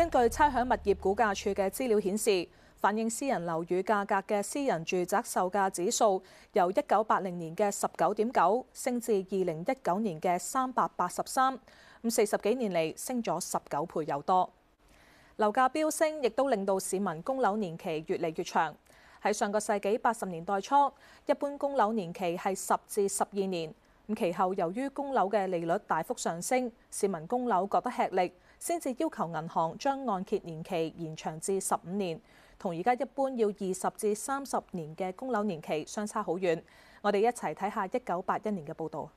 根據差餉物業估價署嘅資料顯示，反映私人樓宇價格嘅私人住宅售價指數，由一九八零年嘅十九點九升至二零一九年嘅三百八十三，咁四十幾年嚟升咗十九倍有多。樓價飆升亦都令到市民供樓年期越嚟越長。喺上個世紀八十年代初，一般供樓年期係十至十二年，咁其後由於供樓嘅利率大幅上升，市民供樓覺得吃力，先至要求銀行將按揭年期延長至十五年，同而家一般要二十至三十年嘅供樓年期相差好遠。我哋一齊睇下一九八一年嘅報導。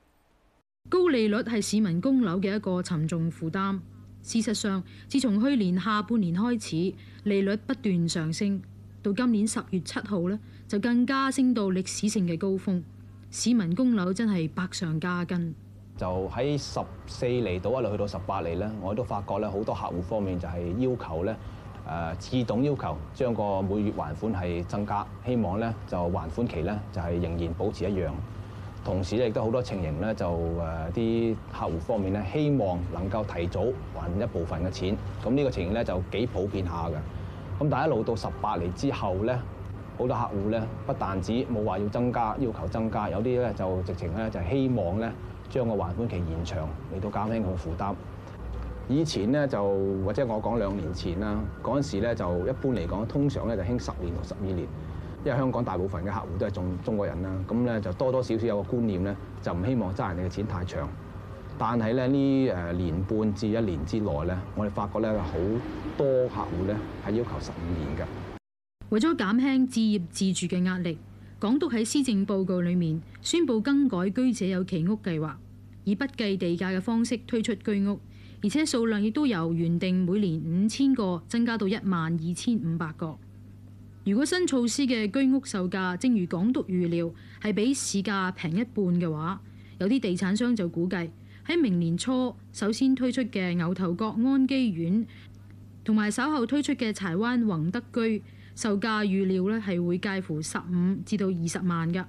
高利率係市民供樓嘅一個沉重負擔。事實上，自從去年下半年開始，利率不斷上升，到今年十月七號呢，就更加升到歷史性嘅高峰。市民供樓真係百上加斤。就喺十四厘到一路去到十八厘咧，我都發覺咧好多客戶方面就係要求咧誒自動要求將個每月還款係增加，希望咧就還款期咧就係仍然保持一樣。同時咧亦都好多情形咧就誒啲、呃、客戶方面咧希望能夠提早還一部分嘅錢，咁呢個情形咧就幾普遍下嘅。咁但係一路到十八厘之後咧，好多客戶咧，不但止冇話要增加要求增加，有啲咧就直情咧就希望咧將個還款期延長，嚟到減輕個負擔。以前咧就或者我講兩年前啦，嗰陣時咧就一般嚟講，通常咧就興十年同十二年，因為香港大部分嘅客戶都係中中國人啦，咁咧就多多少少有個觀念咧，就唔希望揸人哋嘅錢太長。但係咧呢誒年半至一年之內咧，我哋發覺咧好多客戶咧係要求十五年㗎。為咗減輕置業自住嘅壓力，港督喺施政報告裏面宣布更改居者有其屋計劃，以不計地價嘅方式推出居屋，而且數量亦都由原定每年五千個增加到一萬二千五百個。如果新措施嘅居屋售價正如港督預料係比市價平一半嘅話，有啲地產商就估計喺明年初首先推出嘅牛頭角安基苑，同埋稍後推出嘅柴灣宏德居，售價預料咧係會介乎十五至到二十萬嘅。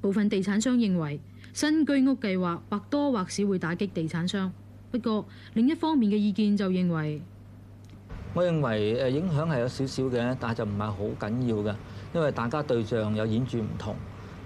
部分地產商認為新居屋計劃或多或少會打擊地產商，不過另一方面嘅意見就認為，我認為誒影響係有少少嘅，但係就唔係好緊要嘅，因為大家對象有顯著唔同。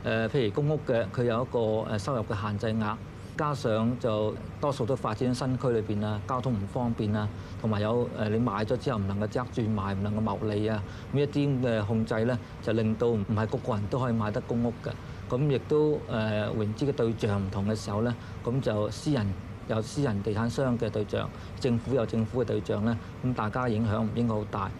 誒，譬如公屋嘅，佢有一個誒收入嘅限制額。加上就多數都發展喺新區裏邊啊，交通唔方便啊，同埋有誒你買咗之後唔能，能夠即刻轉賣，唔能夠牟利啊，咁一啲嘅控制咧，就令到唔係個個人都可以買得公屋嘅。咁亦都誒融資嘅對象唔同嘅時候咧，咁就私人有私人地產商嘅對象，政府有政府嘅對象咧，咁大家影響唔應該好大。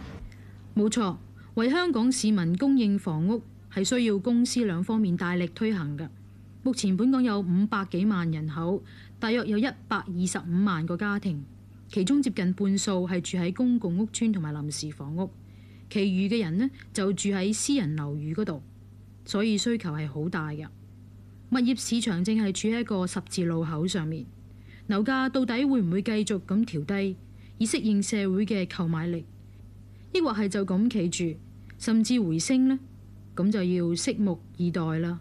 冇錯，為香港市民供應房屋係需要公私兩方面大力推行嘅。目前本港有五百幾萬人口，大約有一百二十五萬個家庭，其中接近半數係住喺公共屋邨同埋臨時房屋，其餘嘅人呢，就住喺私人樓宇嗰度，所以需求係好大嘅。物業市場正係處喺一個十字路口上面，樓價到底會唔會繼續咁調低，以適應社會嘅購買力，抑或係就咁企住，甚至回升呢？咁就要拭目以待啦。